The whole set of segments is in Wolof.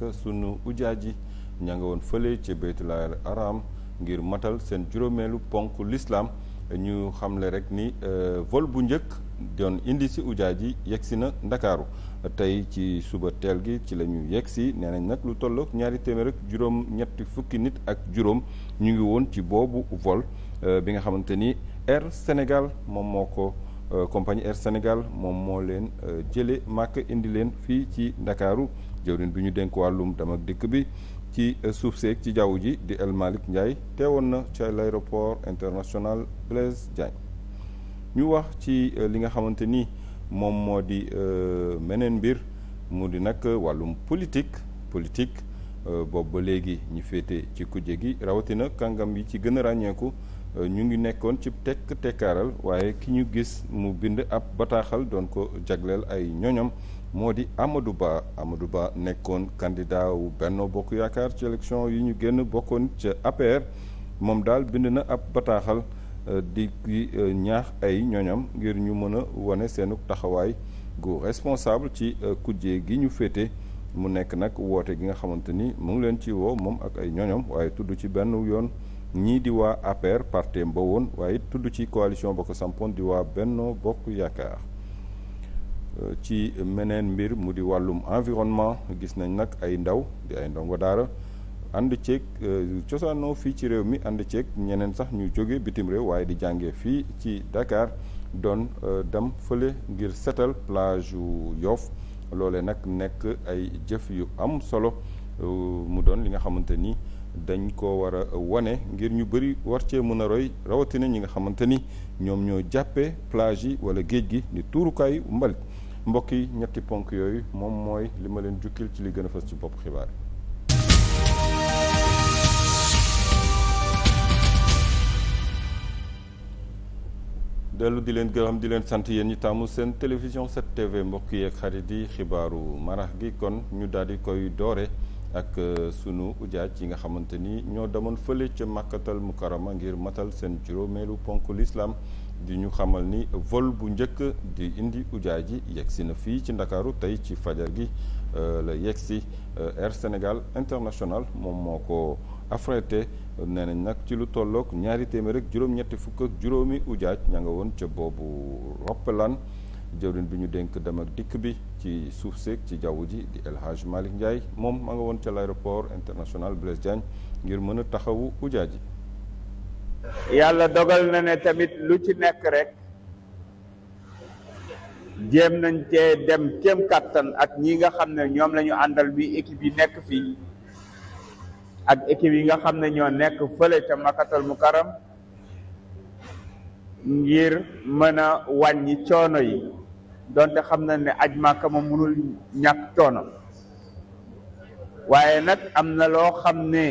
que sunu ujaaj yi ña nga woon fële ca Baytul Haram ngir matal seen juróomeelu ponk lislaam ñu xamle rek ni euh, vol bu njëkk doon indi si ujaaj ji yegg si na ndakaaru tey ci suba teel gi ci la ñu yegg si nee nañ nag lu tolloog ñaari téeméer ak juróom ñetti fukki nit ak juróom ñu ngi woon ci boobu vol euh, bi nga xamante ni Air Sénégal moom moo ko euh, compagnie Air Sénégal moom moo leen jële màkk indi leen fii ci ndakaaru jëwriñ bi ñu dénk wàllum dem ak dikk bi ci suuf seek ci jaww ji di El Malick Ndiaye teewoon na ci l'aéroport international Blaise Diagne ñu wax ci euh, li nga xamante ni moom moo di euh, meneen mbir mu di nag wàllum politique politique euh, boobu ba léegi ñu féete ci kujje gi rawatina kàngam yi ci gën a ràññeeku ñu ngi nekkoon ci tekk tekkaaral waaye ki ñu gis mu bind ab bataaxal doon ko jagleel ay ñoñam moo di Amadou Ba Amadou Ba nekkoon candidat wu Benno Bokk Yaakaar ci élection yi ñu génn bokkoon ca APR moom daal bind na ab bataaxal euh, di euh, ñaax ay ñoñam ngir ñu mën a wane seenu taxawaay gu responsable ci euh, kujje gi ñu féete mu nekk nag woote gi nga xamante ni mu ngi leen ci woo moom ak ay ñoñam waaye tudd ci benn yoon ñii di waa APR partem ba woon waaye tudd ci coalition ba ko sampoon di waa Benno Bokk Yaakaar ci meneen mbir mu di wàllum environnement gis nañ nag ay ndaw di ay ndongo daara ànd ceeg euh, cosaanoo fii ci réew mi ànd ceeg ñeneen sax ñu jóge bitim réew waaye di jàngee fii ci Dakar doon euh, dem fële ngir setal plage yu Yoff loole nag nekk ay jëf yu am solo euh, mu doon li nga xamante ni dañ ko war a wane ngir ñu bëri war cee mën a roy rawatina ñi nga xamante ni ñoom ñoo jàppee plage yi wala géej gi ni tuurukaayu mbalit mbokk yi ñetti ponk yooyu moom mooy li ma leen jukkil ci li gën a fës ci bopp xibaar dellu di leen gërëm di leen sant yéen ñi taamu seen télévision 7TV mbokk yi ak xarit xibaaru marax gi kon ñu daal di koy doore ak euh, sunu ujaaj yi nga xamante ni ñoo demoon fële ca màkkatal mukarama ngir matal seen juróomeelu ponk lislaam di ñu xamal ni vol bu njëkk di indi ujaay ji yegsi na fii ci ndakaaru tey ci fajar gi euh, la yegsi euh, Air Sénégal International moom moo ko affrété nee nañ nag ci lu tolloog ñaari téeméer juróom-ñetti fukk ak juróomi ujaaj ña nga woon ca boobu roppalaan jëwriñ bi ñu dénk dem ak dikk bi ci suuf seeg ci jaww ji di El Hadj Malick Ndiaye moom ma nga woon ca l'aéroport international Blaise Diagne ngir mën a taxawu ujaaj ji yàlla dogal na ne tamit lu ci nekk rek jéem nañ cee dem kéem kàttan ak ñi nga xam ne ñoom lañu àndal bi équipe yi nekk fii ak ekip yi nga xam ne ñoo nekk fële ca makatal mu karam ngir mën a wàññi coono yi donte xam na ne aj màkka ma mënul ñàkk coono waaye nag am na loo xam ne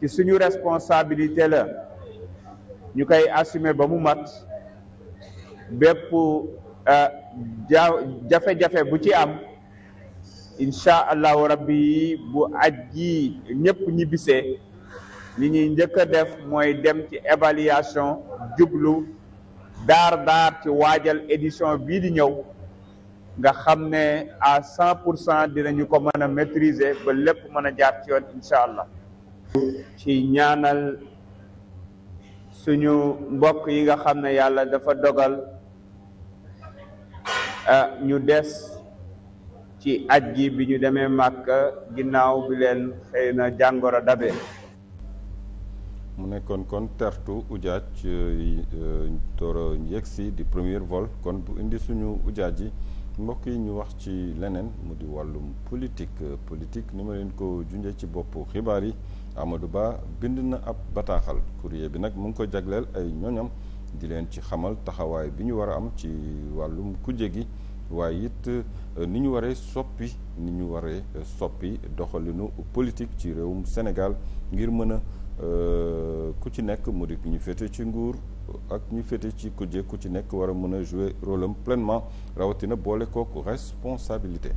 ci suñu responsabilité la ñu koy assumer ba mu mat bépp euh, jafe-jafe bu ci am incha allahu rabbi bu aj ji ñëpp ñibbisee li ñuy njëkk a def mooy dem ci évaluation jublu daar daar ci waajal édition bii di ñëw nga xam ne à cent pour cent dinañu ko mën a maîtriser ba lépp mën a jaar ci yoon incha allah ci ñaanal suñu mbokk yi nga xam ne yàlla dafa dogal ñu des ci aj gi bi ñu demee màkk ginnaaw bi leen xëy na jàngoro dabe mu nekkoon kon tertu ujaaj e, dooro yegsi di première vol kon bu indi suñu ujaaj yi mbokk yi ñu wax ci leneen mu di wàllum politique politique ni ma leen ko junjee ci boppu xibaar yi amadu Ba bind na ab bataaxal courrier bi nag mu ngi ko jagleel ay ñoñam di leen ci xamal taxawaay bi ñu war a am ci wàllum kujje gi waaye it euh, ni ñu waree soppi ni ñu waree euh, soppi doxalinu politique ci réewum Sénégal ngir mën a euh, ku ci nekk mu di ñu féete ci nguur ak ñu féete ci kujje ku ci nekk war a mën a jouer rôle am rawatina boole kooku responsabilité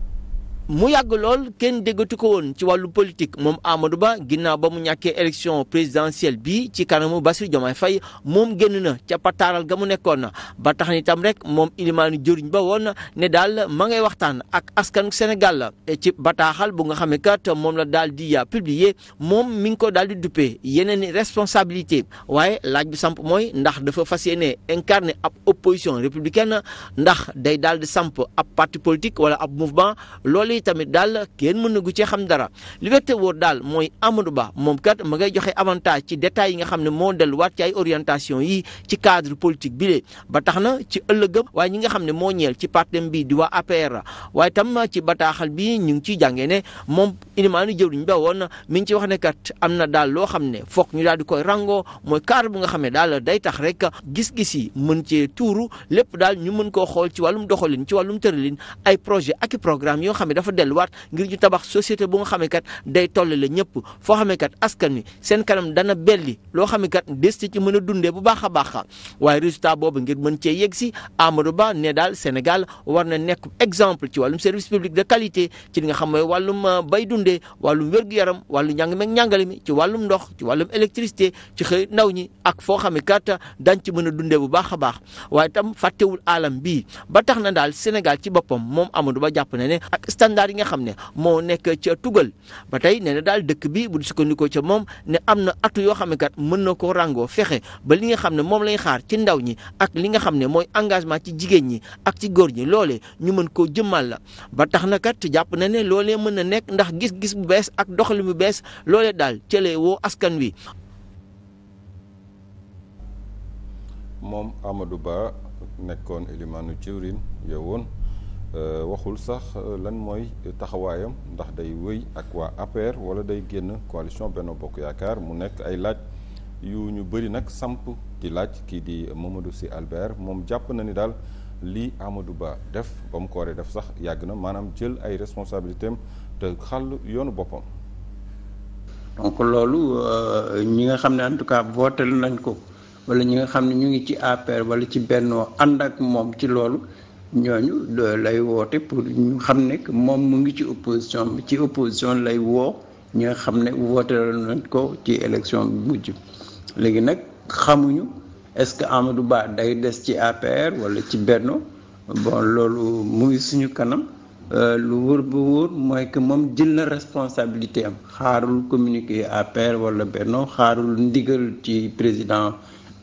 mu yàgg lool kenn déggatu ko woon ci wàllu politique moom Amadou Ba ginnaaw ba mu ñàkkee élection présidentielle bi ci kanamu Bassirou Diomaye fay moom génn na ca pataaral ga mu nekkoon ba tax ni tam rek moom ilimaanu jëriñ ba woon ne daal ma ngay waxtaan ak askan Sénégal e ci bataaxal bu nga xam ne kat moom la daal di ya publier moom mi ngi ko daal di duppee yeneen i responsabilité waaye laaj bi samp mooy ndax dafa fas yéene incarner ab opposition républicaine ndax day daal di samp ab parti politique wala ab mouvement yi tamit daal kenn mën na gu cee xam dara li wette wóor daal mooy Amadou Ba moom kat ma ngay joxe avantage ci détails yi nga xam ne moo delluwaat ci ay orientation yi ci cadre politique bi lee ba tax na ci ëllëgëm waaye ñi nga xam ne moo ñeel ci partem bi di waa APR waaye tam ci bataaxal bi ñu ngi ciy jàngee ne moom inimaanu jëwriñ ba woon mi ngi ci wax ne kat am na daal loo xam ne foog ñu daal di koy rango mooy cadre bu nga xam ne daal day tax rek gis-gis yi mën cee tuuru lépp daal ñu mën koo xool ci wàllum doxalin ci wàllum tëralin ay dafa delluwaat ngir ñu tabax société bu nga xam ne kat day tollale ñëpp foo xam ne kat askan wi seen kanam dana belli loo xam ne kat des ci mën a dundee bu baax a baax waaye résultat boobu ngir mën cee yegg si Amadou Ba ne daal Sénégal war na nekk exemple ci wàllum service public de qualité ci li nga xam mooy wàllum euh, bay dunde wàllum wér yaram wàllum njàng meeg njàngale mi ci wàllum ndox ci wàllum électricité ci xëy ndaw ñi ak foo xam ne kat dañ ci mën a dundee bu baax a baax waaye alam bii ba tax na daal ci boppam moom standard yi nga xam ne moo nekk ca tugal ba tey nee na daal dëkk bi bu di sukkandikoo ca moom ne am na atu yoo xam kat mën na koo ràngoo fexe ba li nga xam ne moom lañ xaar ci ndaw ñi ak li nga xam ne mooy engagement ci jigéen ñi ak ci góor ñi loole ñu mën koo jëmmal la ba tax na kat jàpp na ne loolee mën na nekk ndax gis-gis bu bees ak doxalin bu bees loole daal cëlee woo askan wi. moom Amadou Ba nekkoon élimaanu jëwriñ yowoon Euh, waxul sax euh, lan mooy taxawaayam ndax day wéy ak waa APR wala day génn coalition Benno Bokk Yaakaar mu nekk ay laaj yu ñu bëri nag samp di laaj kii di Mamadou si Albert moom jàpp na ni daal lii amadu Ba def ba mu ko waree def sax yàgg na maanaam jël ay responsabilités am te xàll yoonu boppam. donc loolu euh, ñi nga xam ne en tout cas voté nañ ko wala ñi nga xam ne ñu ngi ci APR wala ci Benno ànd ak moom ci loolu. ñooñu lay woote pour ñu xam ne moom mu ngi ci opposition bi ci opposition lay woo ñi xam ne woote nañ ko ci élection bi mujj léegi nag xamuñu est-ce que Amadou Ba day des ci APR wala ci Benno bon loolu mu ngi suñu kanam euh, lu wër ba wóor mooy que moom jël na responsabilité am xaarul communiqué APR wala Benno xaarul ndigal ci président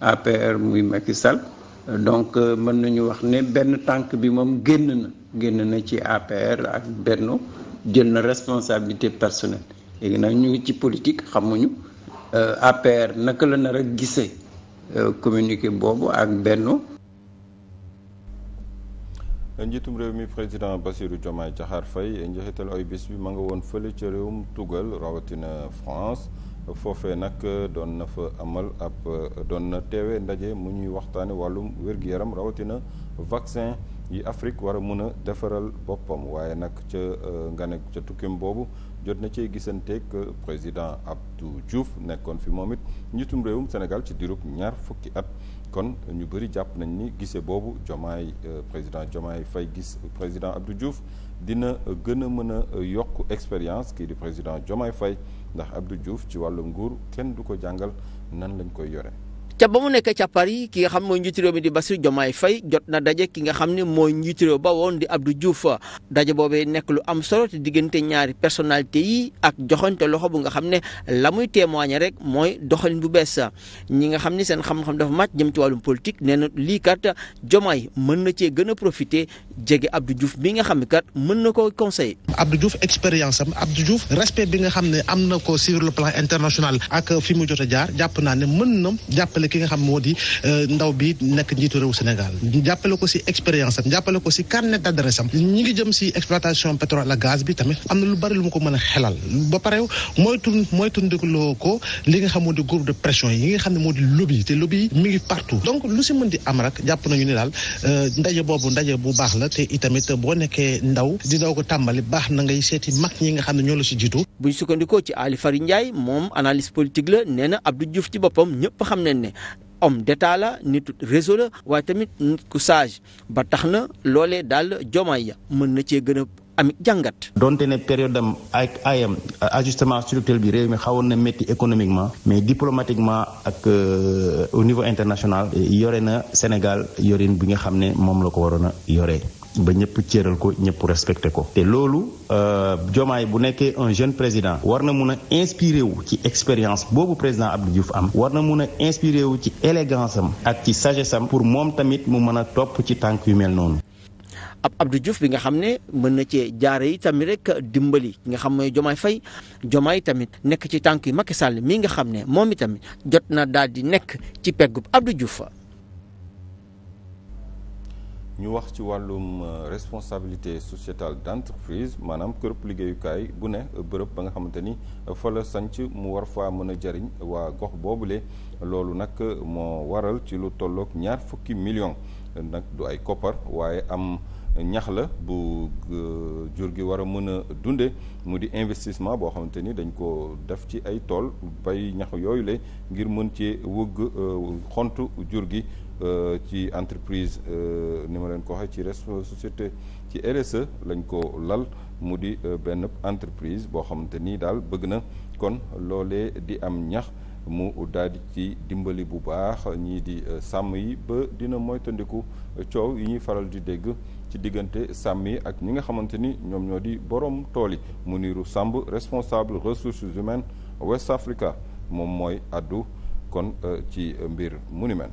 APR muy Macky Sall donc euh, mën nañu wax ne benn tànk bi moom génn na génn na ci APR ak Benno jël na responsabilité personnelle léegi nag ñu ngi ci politique xamuñu euh, APR naka la nar a gisee euh, communiqué boobu ak Benno njiitum réew mi président Bassirou Diomaye Diakhar Faye njeexitalu ay bés bi ma nga woon fële ca réewum tugal rawatina France foofee nag euh, doon na fa amal ab euh, doon na teewe ndaje mu ñuy waxtaane wàllum wér-gu-yaram rawatina vaccin yi Afrique war a mën a defaral boppam waaye nag ca euh, nga ne ca tukkim boobu jot na cee gisanteeg président Abdou Diouf nekkoon fi moom it njiitum réewum Sénégal ci dirub ñaar fukki at kon ñu bëri jàpp nañ ni gise boobu Jomaay président Jomaay fay gis président Abdou Diouf dina gën a mën a yokk expérience kii di président Jomaay Fay ndax ab du juuf ci wàllu nguur kenn du ko jàngal nan lañu koy yore ca ba mu nekk ca Paris ki nga xam mooy njiitu réew mi di Bassirou Diomaye Faye jot na daje ki nga xam ne mooy njiitu ba woon di Abdou Diouf daje boobee nekk lu am solo diggante ñaari personnalité yi ak joxante loxo bu nga xam ne la muy témoigner rek mooy doxalin bu bees ñi nga xam ne seen xam-xam dafa màcc jëm ci wàllum politique nee na lii kat Diomaye mën na cee gën a profiter jege Abdou Diouf bi nga xam ne kat mën na ko conseiller. Abdou Diouf expérience am Abdou Diouf respect bi nga xam ne am na ko sur le plan international ak fi mu jot a jaar jàpp naa ne mën na ki nga xam moo di euh, ndaw bi nekk njiitu réew Sénégal jàppale ko si expérience am jàppale ko si carnet d'adresse am ñi ngi jëm si exploitation pétrole ak gaz bi tamit am na lu bari lu ma ko mën a xelal ba pare moytu loo ko li nga xam moo di de pression yi xam ne moo di lobby te lobby mi ngi partout donc lu si mën di am rek jàpp nañu ni daal euh, ndaje boobu ndaje bu baax la te itamit boo nekkee ndaw di daw ko tàmbali baax na ngay seeti mag ñi nga xam ne ñoo la si jiitu buñ sukkandikoo ci Ali Fari Ndiaye moom analyse politique la nee na Abdou Diouf ci boppam homme d'état la nitu réseau la waaye tamit nit ku sage ba tax na loole daal jomaay mën na cee gën a am jàngat. donte ne période dam ak ayam ajustement structurel bi réew mi xawoon na métti économiquement mais diplomatiquement ak euh, au niveau international yore na Sénégal yorin bi nga xam ne moom la ko waroon a yoree. ba ñëpp céral ko ñëpp respecté ko te loolu euh, Diomaye bu nekkee un jeune président war na mun a inspiré wu ci expérience boobu président Abdou Diouf am war na mun a inspiré wu ci élégance am ak ci sagesse sam pour moom tamit mu mën a topp ci tànk yu mel noonu ab Abdou Diouf bi nga xam ne mën na cee jaare yi tamit rek dimbali nga xam mooy Jomaay Fay Jomaay tamit nekk ci tànk yu Macky Sall mii nga xam ne moom itamit jot na daal di nekk ci peggub Abdou Diouf ñu wax ci wàllum euh, responsabilité sociétale d'entreprise maanaam kërëb liggéeyukaay bu ne euh, bërëb ba nga xamante ni euh, fa la sanc mu war faa mën a jariñ waa gox boobule loolu nag moo waral ci lu tolloog ñaar fukki million nag du ay koppar waaye am ñax la bu jur gi war a mën a dunde mu di investissement boo xamante ni dañ ko def ci ay tool bay ñax yooyu le ngir mën ci wëgg xont jur gi Euh, ci entreprise euh, ni ma leen ko waxee ci res euh, société ci RSE lañ ko lal mu di benn entreprise boo xamante ni daal bëgg na kon loolee di am ñax mu daal di ci dimbali bu baax ñii di sàmm yi ba dina moytandiku coow yi ñuy faral di dégg ci diggante sàmm ak ñi nga xamante ni ñoom ñoo di borom tool yi Mounirou Samb responsable ressources humaines West Africa moom mooy addu kon ci mbir mu ni mel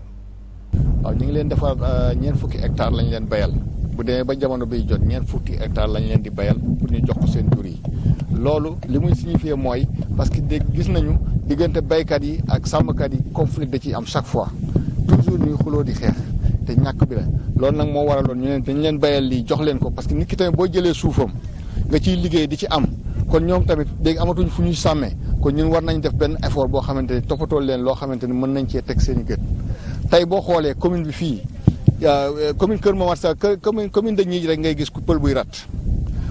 waaw ñu ngi leen defar euh, ñeent fukki hectares lañ leen bayal bu demee ba jamono biy jot ñeent fukki hectares lañ leen di bayal pour ñu jox ko seen jur yi loolu li muy signifier mooy parce que dégg gis nañu diggante baykat yi ak sàmmkat yi conflit da ciy am chaque fois toujours ñuy xuloo di xeex te ñàkk bi la loolu nag moo waraloon ñu leen dañ leen bayal lii jox leen ko parce que nit ki tamit boo jëlee suufam nga ciy liggéey di ci am kon ñoom tamit léegi amatuñ fu ñuy sàmmee kon ñun war nañ def benn effort boo xamante ne toppatoo leen loo xamante ne mën nañ cee teg seen i tey boo xoolee commune bi fii eh, commune Kër Momar Sarr commune commune de Nidji rek ngay gis ku pël buy rat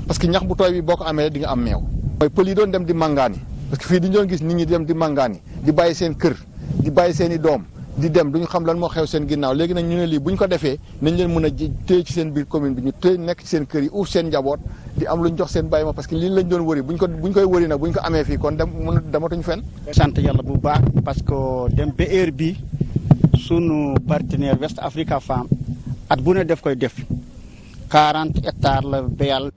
parce que ñax bu tooy bi boo ko amee di nga am meew. mooy pël yi doon dem di màngaani parce que fii di doon gis nit ñi di dem di màngaani di bàyyi seen kër di bàyyi seen i doom di dem ñu xam lan moo xew seen ginnaaw léegi nag ñu ne lii bu ñu ko defee nañ leen mën a téye ci seen biir commune bi ñu téye nekk ci seen kër yi uuf seen njaboot di am lu ñu jox seen bàyyi que lii lañ doon wëri buñ ko buñ koy wëri nag buñ ko amee fii kon dem mën dematuñ fenn. sant yàlla bu baax que dem ba heure sunu partenaire West Africa Farm at bu ne def koy def quarante hectares la béyal.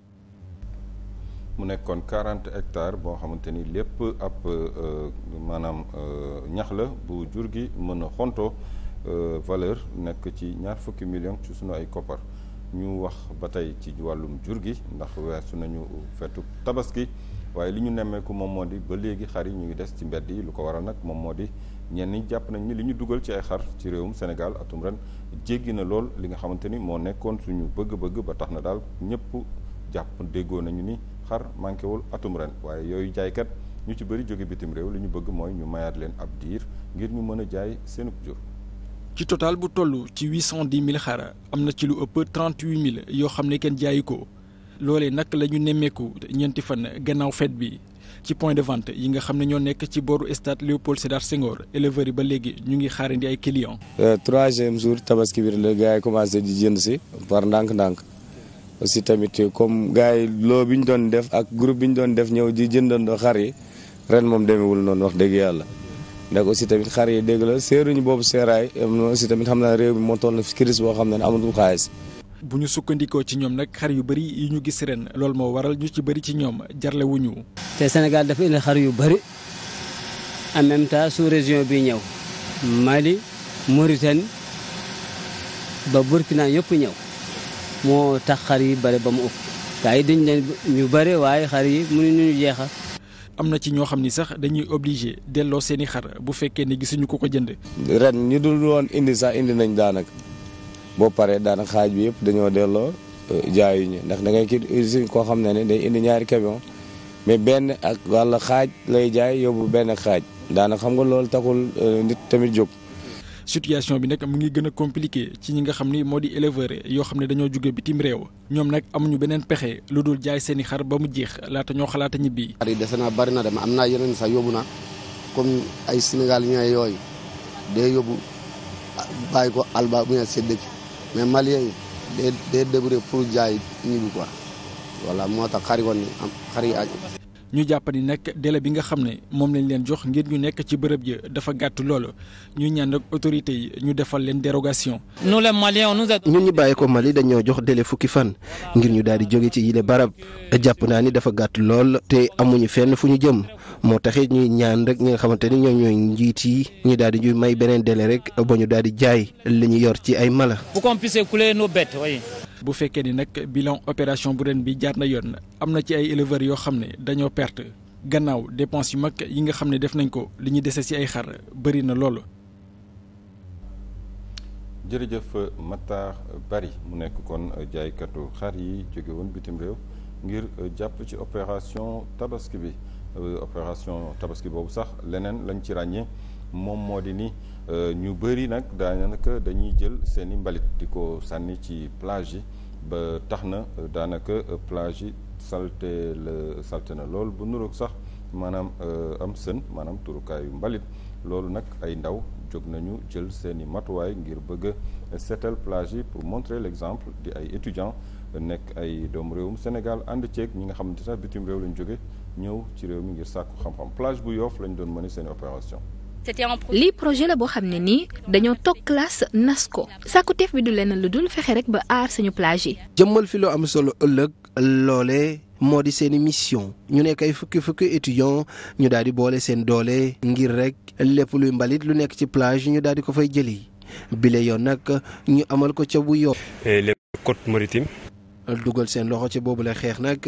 mu nekkoon quarante hectares boo xamante ni lépp ab euh, maanaam euh, ñax la bu jur gi mën a xonto euh, valeur nekk ci ñaar fukki million ci sunu ay koppar ñu wax ba tey ci wàllum jur gi ndax weesu nañu fetu tabaski waaye li ñu nemmeeku moom moo di ba léegi xar yi ñu ngi des ci mbedd yi lu ko waral nag moom moo di. ñenn ñi jàpp nañ ni li ñu dugal ci ay xar ci réewum Sénégal atum ren jéggi na lool li nga xamante ni moo nekkoon suñu bëgg-bëgg ba tax na daal ñëpp jàpp déggoo nañu ni xar manqué wul atum ren waaye yooyu jaaykat ñu ci bëri jóge bitim réew li ñu bëgg mooy ñu mayaat leen ab diir ngir ñu mën a jaay seen jur. ci total bu toll ci huit cent dix mille xar am na ci lu ëpp trente huit mille yoo xam ne kenn jaayi ko loolee nag la ñu nemmeeku ñeenti fan gannaaw fête bi. ci point de vente yi nga xam ne ñoo nekk ci booru stade Léopold Sédar Senghor éleveurs yi ba léegi ñu ngi xaarandi ay clients. Euh, troisième jour tabaski bi la gars yi commencé di jënd si par ndànk-ndànk aussi tamit comme gars yi loo bi ñu doon def ak groupe bi ñu doon def ñëw di jëndandoo xar yi ren moom demewul noonu wax dëgg yàlla. ndax aussi tamit xar yi dégg la seeruñu boobu seeraay aussi tamit xam naa réew mi moo toll na crise boo xam ne amatul xaalis. bu ñu sukkandikoo ci ñoom nag xar yu bari yi ñu gis ren loolu moo waral ñu ci bëri ci ñoom jarlewuñu te Sénégal dafa indi xar yu bëri en même temps bi ñëw Mali Mauritanie ba Burkina yëpp ñëw moo tax xar yi bëri ba mu ëpp te ay dañ leen ñu bëri waaye xar yi mënuñu jeexal. am na ci ñoo xam ni sax dañuy obligé delloo seeni xar bu fekkee ne gisuñu ko ko jënd. ren ñu dul woon indi sax indi nañ daanak boo paree daanaka xaaj bi yëpp dañoo delloo euh, jaayuñu ndax da ngay kii usine koo xam ne ne day indi ñaari camion mais benn ak wàlla xaaj lay jaay yóbbu benn xaaj daanaka xam nga lool taxul euh, nit tamit jóg. situation bi nag mu ngi gën a compliqué ci ñi nga xam ni moo di éleveur yoo xam ne dañoo jóge bitim réew ñoom nag amuñu beneen pexe lu dul jaay seeni xar ba mu jeex laata ñoo xalaata ñibbi. xar yi dese naa bari na dem am naa yeneen sax yóbbu na comme ay Sénégal ñooy yooyu day yóbbu ah, ko alba bu ñu séddee mais Malien yi day day pour jaay ñibbi quoi voilà moo tax xar yi woon am xar yi aaj. ñu jàpp ni nag délai bi nga xam ne moom lañ leen jox ngir ñu nekk ci bërëb yi dafa gàtt loolu ñu ñaan ak autorité yi ñu defal leen dérogation. nous les Maliens nous ñun ñu bàyyi ko Mali dañoo jox délai fukki fan ngir ñu daal di jóge ci yile barab jàpp naa ni dafa gàtt lool te amuñu fenn fu ñu jëm. moo taxit ñuy ñaan rek ñi nga xamante ni ñoom ñooy njiit yi ñu daal di ñuy may beneen délai rek ba ñu daal di jaay li ñu yor ci ay mala. pour qu'on puisse écouler nos bêtes bu fekkee ni nag bilan opération bu ren bi jaar na yoon am na ci ay éleveurs yoo xam ne dañoo perte gannaaw dépense yu mag yi nga xam ne def nañ ko li ñu desee ci ay xar bëri na loolu. jërëjëf Matar Bari mu nekk kon jaaykatu xar yi jóge woon bitim réew ngir jàpp ci opération tabaski bi. opération tabaski boobu sax leneen lañ ci ràññee moom moo di ni euh, ñu bëri nag daanaka dañuy jël seen i mbalit di ko sànni ci plage yi ba tax na euh, daanaka euh, plage yi salte la salte na lool bu nuroog sax maanaam am sën maanaam turukaayu mbalit loolu nag ay ndaw jóg nañu jël seen i matuwaay ngir bëgg a seetal plage yi pour montrer l'exemple di ay étudiants nekk ay doomu réewum Sénégal ànd ceeg ñi nga xam xamante sax bitim réew lañ jóge ñëw ci réew mi ngir sàkku xam-xam bu Yoff lañ doon mëne seen opération. lii projet la boo xam ne nii dañoo toog classe nas ko sàkkuteef bi du lenn lu dul fexe rek ba aar suñu plage yi. jëmmal fi lu am solo ëllëg loole moo di seen mission ñu nekk ay fukki fukki étudiants ñu daal di boole seen doole ngir rek lépp luy mbalit lu nekk ci plage ñu daal di ko fay jëli bile yoon nag ñu amal ko ca bu Yoff. les côtes dugal seen loxo ci boobu la xeex nag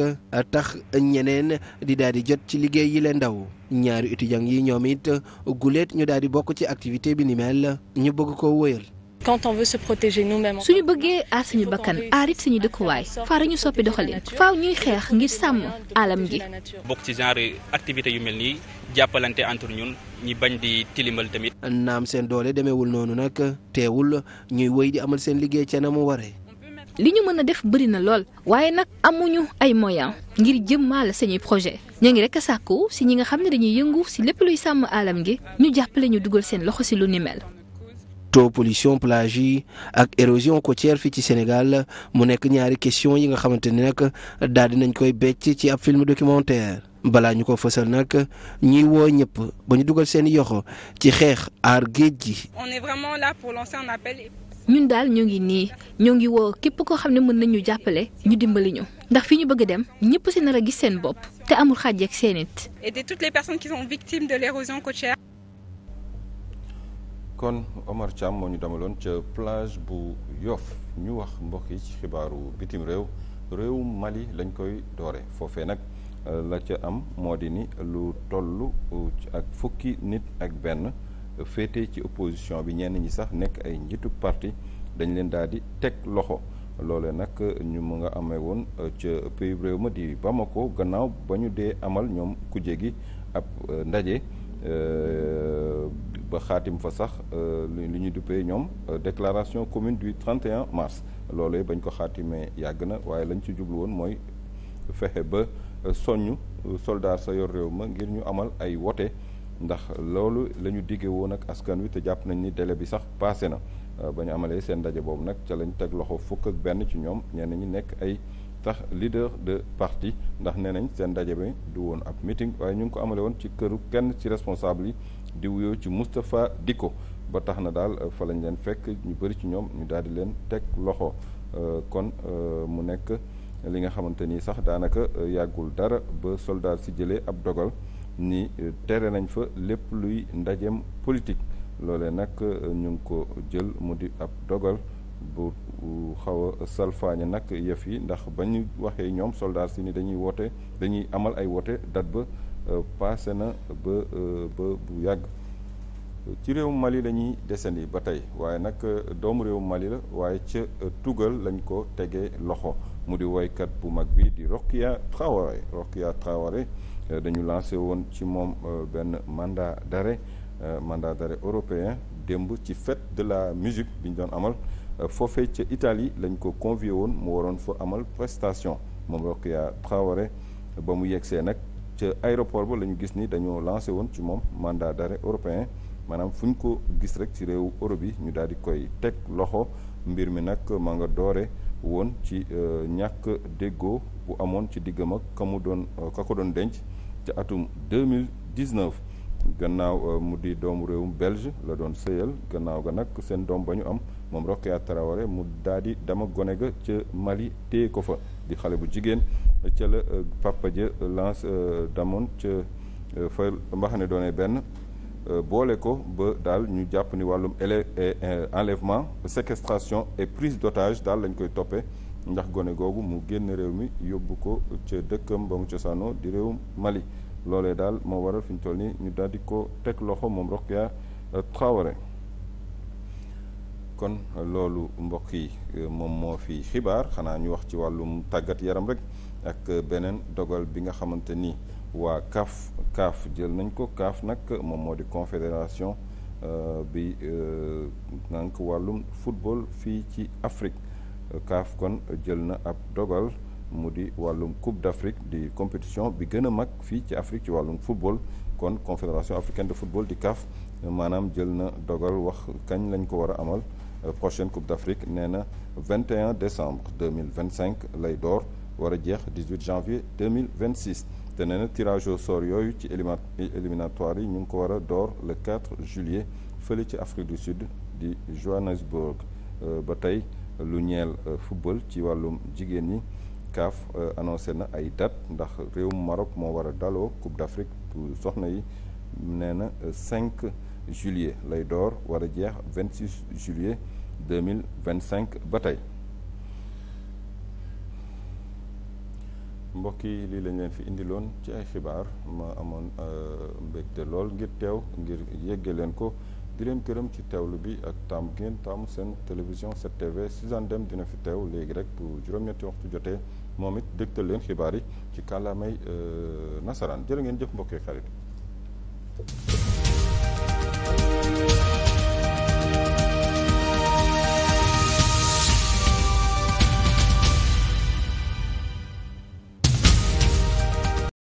tax ñeneen di daal di jot ci liggéey yi leen ndaw ñaari étudiants yi ñoom it guleet ñu daal di bokk ci activité bi ni mel ñu bëgg ko wëyal. quand on veut se protéger nous-mêmes. suñu bëggee aar suñu bakkan aar it suñu dëkkuwaay faara ñu soppi doxalin faaw ñuy xeex ngir sàmm alam gi. bokk ci genre activité yu mel nii jàppalante entre ñun ñi bañ di tilimal tamit. naam seen doole demeewul noonu nag teewul ñuy woy di amal seen liggéey ca na mu waree. li ñu mën a def bëri na lool waaye nag amuñu ay moyens ngir jëmmaale sañuy projet ñoo ngi rek a sàkku si ñi nga xam ne dañuy yëngu si lépp luy sàmm alam gi ñu jàppale ñu dugal seen loxo si lu ni mel. taux pollution plage yi ak érosion côtière fii ci Sénégal mu nekk ñaari question yi nga xamante ni nag daal dinañ koy becc ci ab film documentaire balaa ñu ko fësal nag ñuy woo ñëpp ba ñu dugal seen yoxo ci xeex aar géej gi. on est pour lancer un appel. ñun daal ñoo ngi nii ñoo ngi woo képp koo xam ne mën nañu jàppale ñu dimbali ñu ndax fi ñu bëgg dem ñëpp si nar a gis seen bopp te amul xaaj ak seen it. aider toutes les personnes qui sont victimes de l'érosion côtière. kon Omar moo ñu damaloon ca plage bu yof ñu wax mbokk yi ci xibaaru bitim réew réew Mali lañ koy doore foofee nag euh, la ca am moo di ni lu toll euh, ak fukki nit ak benn. féete ci opposition bi ñenn ñi sax nekk ay njiitu parti dañ leen daal di teg loxo loole nag ñu mu nga amee woon euh, ca pays réew ma di Bamako gannaaw ba ñu dee amal ñoom kuje gi ab euh, ndaje euh, ba xaatim fa sax li ñu duppee ñoom déclaration commune du 31 mars loole bañ ko xaatimee yàgg na waaye lañ ci jublu woon mooy fexe ba soññ soldat sa yor réew ma ngir ñu amal ay wote ndax loolu la ñu diggee woon ak askan wi te jàpp nañ ni délai bi sax passé na euh, ba ñu amalee seen ndaje boobu nag ca lañ teg loxo fukk ak benn ci ñoom ñenn ñi nekk ay sax leader de parti ndax nee nañ seen ndaje bi du woon ab meeting waaye ñu ngi ko amale woon ci këru kenn ci responsable yi di wuyoo ci Moustapha Dicko ba tax na daal euh, fa lañ leen fekk ñu bëri ci ñoom ñu daal di leen teg loxo euh, kon mu nekk li nga xamante ni sax daanaka yàggul dara ba soldat si jëlee ab dogal ni eh, tere nañ fa lépp luy ndajem politique loole nag eh, ñu ngi ko jël mu di ab dogal bu xaw a salfaañe nag yëf yi ndax ba ñu waxee ñoom soldats si ni dañuy woote dañuy amal ay woote date ba eh, paase na ba ba bu yàgg ci réew Mali lañuy ñuy desandi ba tey waaye nag doomu réew Mali la waaye ca tugal lañ ko tegee loxo mu di woykat bu mag bi di Rokia Traoré Rokia Traoré Euh, dañu lancé woon ci moom euh, benn mandat d'arrêt euh, mandat d'arrêt européen démb ci fête de la musique bi ñu doon amal foofee ca Italie lañ ko convié woon mu waroon fa amal prestation moom Rokhaya Traoré ba mu yegsee nag ca aéroport ba la ñu gis ni dañoo lancé woon ci moom mandat d'arrêt européen maanaam fu ñu ko gis rek ci réewu Europe yi ñu daal di koy teg loxo mbir mi nag ma nga doore woon ci ñàkk déggoo bu amoon ci diggam mag ka mu doon ka ko doon denc atum deux mille dix neuf gannaaw euh, mu di doomu réewum belge la doon seyal gannaaw ga nag seen doom ba ñu am moom Rokhaya Traoré mu daal di dama gone ga ca Mali téye ko fa di xale bu jigéen ca la euh, papa ja euh, lance damoon ca fa mbaxane doone benn boole ko ba daal ñu jàpp ni wàllum élève enlèvement séquestration et prise d'otage daal lañ koy toppee ndax gone googu mu génn réew mi yóbbu ko ca dëkkam ba mu cosaanoo di réew Mali loolee daal moo waral fi ñu toll nii ñu daal di ko teg loxo moom Rokhaya Traoré kon loolu mbokk yi moom moo fi xibaar xanaa ñu wax ci wàllum tàggat yaram rek ak beneen dogal bi nga xamante ni waa CAF CAF jël nañ ko kaaf nag moom moo di confédération euh, bi euh, nank wàllum football fii ci Afrique CAF kon jël na ab dogal mu di wàllum coupe d'Afrique di compétition bi gën a mag fii ci Afrique ci wàllum football kon confédération africaine de football di CAF maanaam jël na dogal wax kañ lañ ko war a amal euh, prochaine coupe d'Afrique nee na 21 décembre 2025 lay door war a jeex 18 janvier 2026 te nee na tirage au sort yooyu ci éliminatoire yi ñu ngi ko war a door le 4 juillet fële ci Afrique du Sud di Johannesburg euh, ba tey lu ñeel euh, football ci wàllum jigéen ñi CAF euh, annoncé na ay date ndax réewum Maroc moo war a daloo Coupe d'Afrique bu soxna yi nee na 5 euh, juillet lay door war a jeex 26 juillet 2025 ba tey mbokk yi lii lañ leen fi indiloon ci ay xibaar ma amoon mbégte lool ngir teew ngir yégge leen ko di leen këram ci teewlu bi ak taam ngeen taamu seen télévision 7TV Suzanne Deme dina fi teew léegi rek bu juróom-ñetti waxtu jotee moom it dégtal leen xibaar yi ci kàllaamay euh, nasaraan jël ngeen jëf mbokk xarit